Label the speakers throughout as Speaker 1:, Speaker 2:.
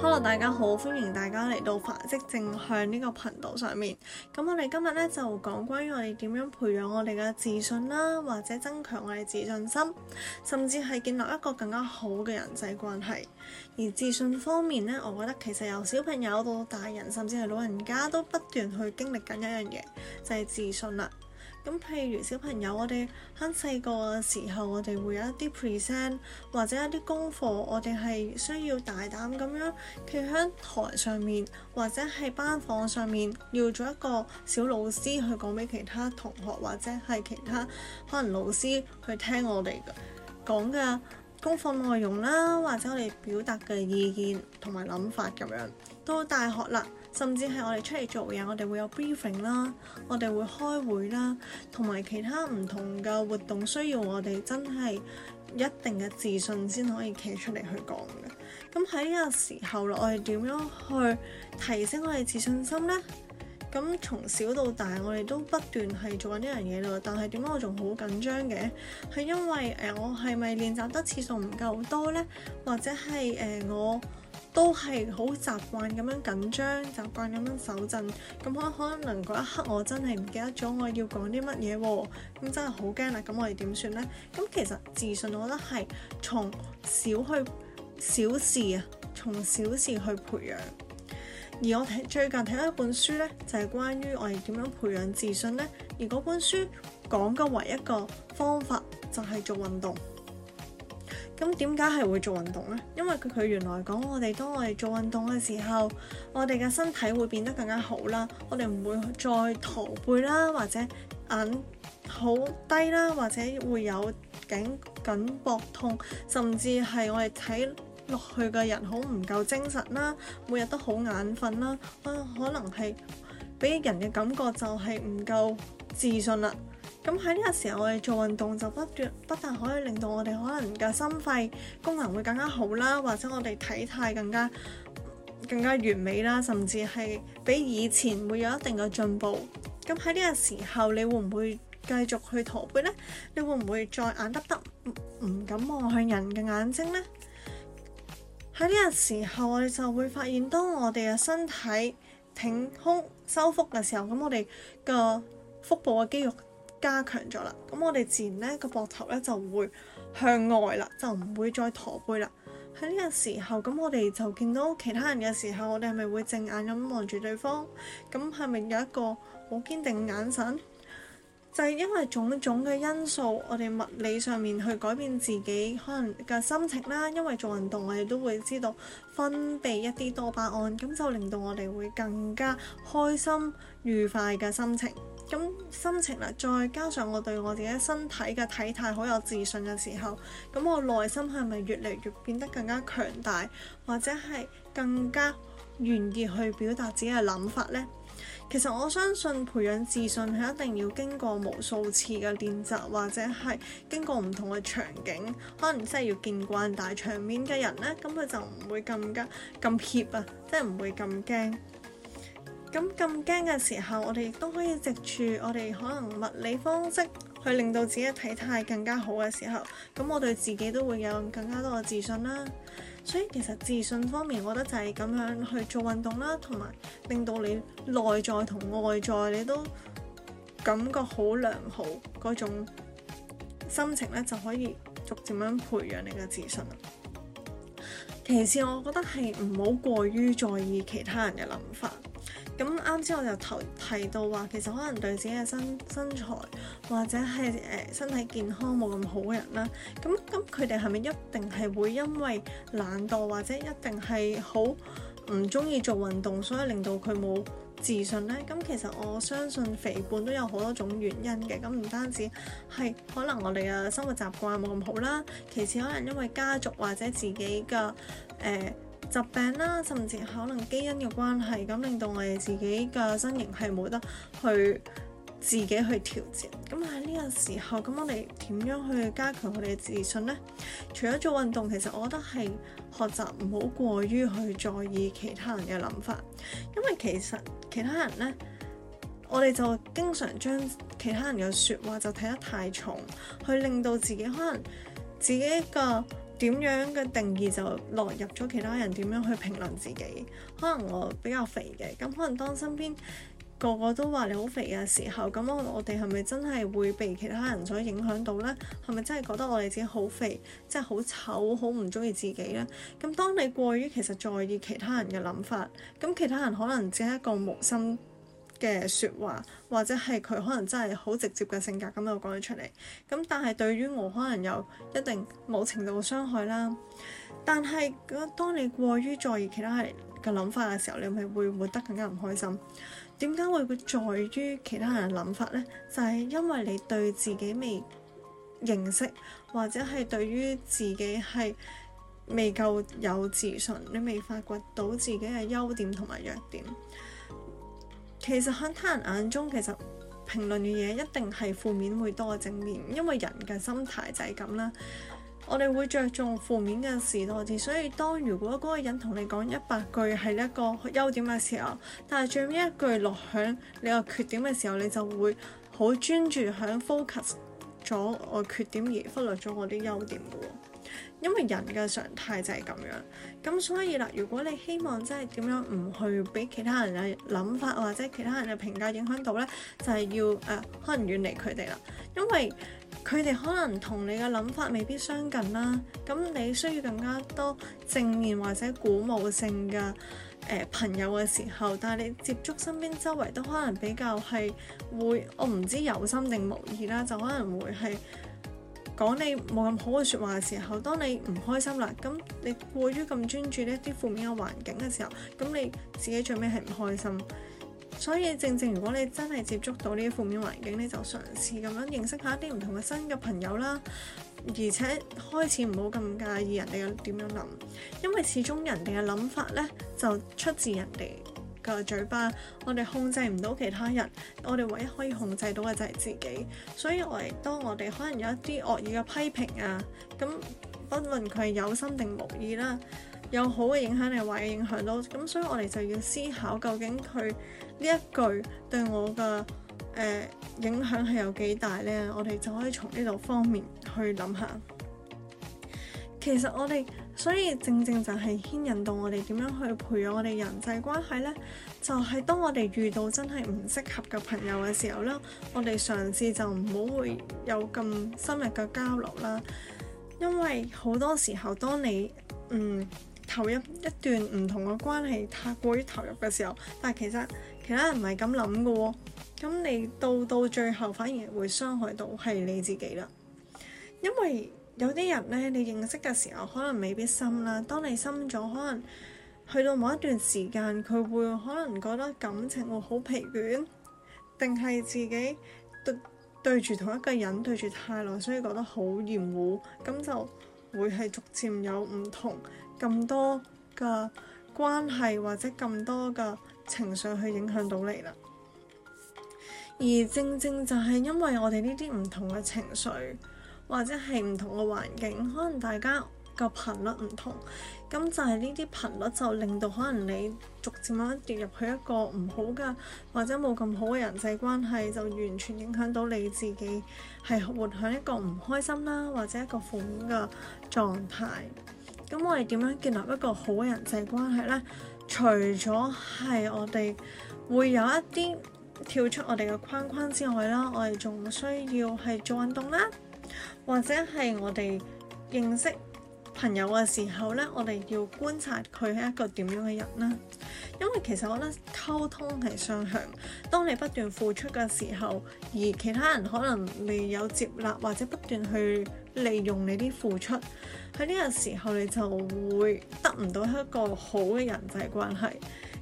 Speaker 1: Hello，大家好，歡迎大家嚟到 Fer 式正向呢、這個頻道上面。咁我哋今日咧就講關於我哋點樣培養我哋嘅自信啦，或者增強我哋自信心，甚至係建立一個更加好嘅人際關係。而自信方面咧，我覺得其實由小朋友到大人，甚至係老人家，都不斷去經歷緊一樣嘢，就係、是、自信啦。咁譬如小朋友，我哋喺細個嘅時候，我哋會有一啲 present 或者一啲功課，我哋係需要大膽咁樣企喺台上面或者係班房上面，要做一個小老師去講俾其他同學或者係其他可能老師去聽我哋講嘅功課內容啦，或者我哋表達嘅意見同埋諗法咁樣，到大學啦。甚至係我哋出嚟做嘢，我哋會有 briefing 啦，我哋會開會啦，同埋其他唔同嘅活動需要我哋真係一定嘅自信先可以企出嚟去講嘅。咁喺呢個時候咯，我哋點樣去提升我哋自信心呢？咁從小到大，我哋都不斷係做緊呢樣嘢咯，但係點解我仲好緊張嘅？係因為誒，我係咪練習得次數唔夠多呢？或者係誒我？都係好習慣咁樣緊張，習慣咁樣手震，咁我可能嗰一刻我真係唔記得咗我要講啲乜嘢喎，咁真係好驚啊！咁我哋點算呢？咁其實自信，我覺得係從小去小事啊，從小事去培養。而我睇最近睇咗一本書呢，就係關於我哋點樣培養自信呢。而嗰本書講嘅唯一一個方法就係做運動。咁點解係會做運動呢？因為佢佢原來講我哋當我哋做運動嘅時候，我哋嘅身體會變得更加好啦。我哋唔會再駝背啦，或者眼好低啦，或者會有頸緊膊痛，甚至係我哋睇落去嘅人好唔夠精神啦，每日都好眼瞓啦，啊可能係俾人嘅感覺就係唔夠自信啦。咁喺呢個時候，我哋做運動就不斷不但可以令到我哋可能嘅心肺功能會更加好啦，或者我哋體態更加更加完美啦，甚至係比以前會有一定嘅進步。咁喺呢個時候，你會唔會繼續去駝背呢？你會唔會再眼得得唔敢望向人嘅眼睛呢？喺呢個時候，我哋就會發現，當我哋嘅身體挺胸收腹嘅時候，咁我哋個腹部嘅肌肉加強咗啦，咁我哋自然咧個膊頭咧就會向外啦，就唔會再駝背啦。喺呢個時候，咁我哋就見到其他人嘅時候，我哋係咪會正眼咁望住對方？咁係咪有一個好堅定嘅眼神？就係因為種種嘅因素，我哋物理上面去改變自己可能嘅心情啦。因為做運動，我哋都會知道分泌一啲多巴胺，咁就令到我哋會更加開心愉快嘅心情。咁心情啦，再加上我對我自己身體嘅體態好有自信嘅時候，咁我內心係咪越嚟越變得更加強大，或者係更加願意去表達自己嘅諗法呢？其實我相信培養自信係一定要經過無數次嘅練習，或者係經過唔同嘅場景，可能真係要見慣大場面嘅人呢，咁佢就唔會咁緊咁怯啊，即係唔會咁驚。咁咁驚嘅時候，我哋亦都可以藉住我哋可能物理方式去令到自己嘅體態更加好嘅時候，咁我對自己都會有更加多嘅自信啦。所以其實自信方面，我覺得就係咁樣去做運動啦，同埋令到你內在同外在你都感覺好良好嗰種心情咧，就可以逐漸樣培養你嘅自信啦。其次，我覺得係唔好過於在意其他人嘅諗法。咁啱先我就提提到話，其實可能對自己嘅身身材或者係誒身體健康冇咁好嘅人啦。咁咁佢哋係咪一定係會因為懶惰或者一定係好唔中意做運動，所以令到佢冇自信呢？咁其實我相信肥胖都有好多種原因嘅。咁唔單止係可能我哋嘅生活習慣冇咁好啦，其次可能因為家族或者自己嘅誒。呃疾病啦，甚至可能基因嘅關係，咁令到我哋自己嘅身形係冇得去自己去調節。咁喺呢個時候，咁我哋點樣去加強我哋嘅自信呢？除咗做運動，其實我覺得係學習唔好過於去在意其他人嘅諗法，因為其實其他人呢，我哋就經常將其他人嘅說話就睇得太重，去令到自己可能自己個。點樣嘅定義就落入咗其他人點樣去評論自己？可能我比較肥嘅，咁可能當身邊個個都話你好肥嘅時候，咁我哋係咪真係會被其他人所影響到呢？係咪真係覺得我哋自己好肥，即係好醜，好唔中意自己呢？咁當你過於其實在意其他人嘅諗法，咁其他人可能只係一個無心。嘅說話，或者係佢可能真係好直接嘅性格咁樣講咗出嚟，咁但係對於我可能有一定某程度嘅傷害啦。但係，當你過於在意其他人嘅諗法嘅時候，你咪會活得更加唔開心。點解會過在意其他人嘅諗法呢？就係因為你對自己未認識，或者係對於自己係未夠有自信，你未發掘到自己嘅優點同埋弱點。其實喺他人眼中，其實評論嘅嘢一定係負面會多正面，因為人嘅心態就係咁啦。我哋會着重負面嘅事多啲，所以當如果嗰個人同你講一百句係一個優點嘅時候，但係最尾一句落響你個缺點嘅時候，你就會好專注喺 focus 咗我缺點而忽略咗我啲優點嘅喎。因為人嘅常態就係咁樣，咁所以啦，如果你希望真係點樣唔去俾其他人嘅諗法或者其他人嘅評價影響到呢，就係、是、要誒、呃、可能遠離佢哋啦。因為佢哋可能同你嘅諗法未必相近啦，咁你需要更加多正面或者鼓舞性嘅誒、呃、朋友嘅時候，但係你接觸身邊周圍都可能比較係會，我唔知有心定無意啦，就可能會係。講你冇咁好嘅説話嘅時候，當你唔開心啦，咁你過於咁專注呢啲負面嘅環境嘅時候，咁你自己最尾係唔開心。所以正正如果你真係接觸到呢啲負面環境，你就嘗試咁樣認識一下一啲唔同嘅新嘅朋友啦，而且開始唔好咁介意人哋點樣諗，因為始終人哋嘅諗法呢就出自人哋。嘅嘴巴，我哋控制唔到其他人，我哋唯一可以控制到嘅就係自己，所以我哋當我哋可能有一啲惡意嘅批評啊，咁不論佢係有心定無意啦，有好嘅影響定壞嘅影響都，咁所以我哋就要思考究竟佢呢一句對我嘅誒、呃、影響係有幾大呢？我哋就可以從呢度方面去諗下。其實我哋。所以正正就係牽引到我哋點樣去培養我哋人際關係呢，就係、是、當我哋遇到真係唔適合嘅朋友嘅時候咧，我哋嘗試就唔好會有咁深入嘅交流啦。因為好多時候，當你嗯，投入一段唔同嘅關係太過於投入嘅時候，但係其實其他人唔係咁諗嘅喎，咁你到到最後反而會傷害到係你自己啦，因為。有啲人咧，你認識嘅時候可能未必深啦。當你深咗，可能去到某一段時間，佢會可能覺得感情會好疲倦，定係自己對對住同一個人對住太耐，所以覺得好厭惡，咁就會係逐漸有唔同咁多嘅關係或者咁多嘅情緒去影響到你啦。而正正就係因為我哋呢啲唔同嘅情緒。或者係唔同嘅環境，可能大家個頻率唔同，咁就係呢啲頻率就令到可能你逐漸咁樣跌入去一個唔好嘅，或者冇咁好嘅人際關係，就完全影響到你自己係活響一個唔開心啦，或者一個苦悶嘅狀態。咁我哋點樣建立一個好嘅人際關係呢？除咗係我哋會有一啲跳出我哋嘅框框之外啦，我哋仲需要係做運動啦。或者係我哋認識朋友嘅時候咧，我哋要觀察佢係一個點樣嘅人呢。因為其實我覺得溝通係雙向，當你不斷付出嘅時候，而其他人可能未有接納或者不斷去利用你啲付出，喺呢個時候你就會得唔到一個好嘅人際關係。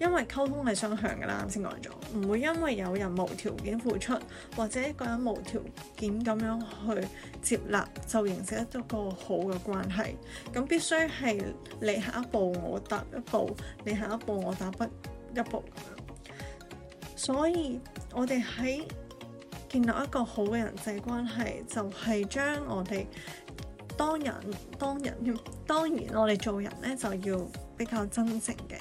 Speaker 1: 因為溝通係雙向㗎啦，啱先講咗，唔會因為有人無條件付出，或者一個人無條件咁樣去接納，就形成一個好嘅關係。咁必須係你下一步我踏一步，你下一步我踏不一步。所以我哋喺建立一個好嘅人際關係，就係、係、將我哋當人，當人。當然當然我哋做人呢，就要比較真誠嘅，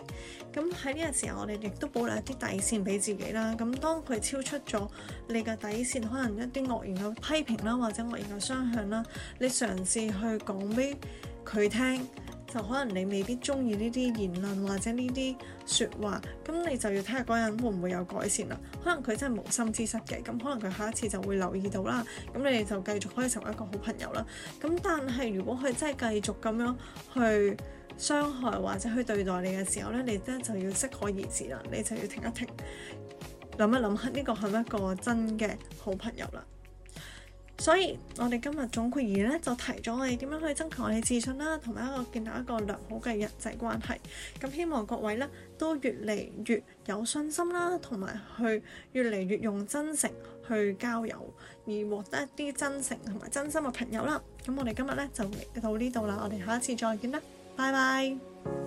Speaker 1: 咁喺呢個時候，我哋亦都保留一啲底線俾自己啦。咁當佢超出咗你嘅底線，可能一啲惡言嘅批評啦，或者惡言嘅雙向啦，你嘗試去講俾佢聽，就可能你未必鍾意呢啲言論或者呢啲說話，咁你就要睇下嗰人會唔會有改善啦。可能佢真係無心之失嘅，咁可能佢下一次就會留意到啦。咁你哋就繼續可以成為一個好朋友啦。咁但係如果佢真係繼續咁樣去，傷害或者去對待你嘅時候咧，你咧就要適可而止啦。你就要停一停，諗一諗下，呢個係咪一個真嘅好朋友啦？所以我哋今日總括而言咧，就提咗我哋點樣去增強我哋自信啦，同埋一個建立一個良好嘅人際關係。咁希望各位咧都越嚟越有信心啦，同埋去越嚟越用真誠去交友，而獲得一啲真誠同埋真心嘅朋友啦。咁我哋今日咧就嚟到呢度啦，我哋下一次再見啦。拜拜。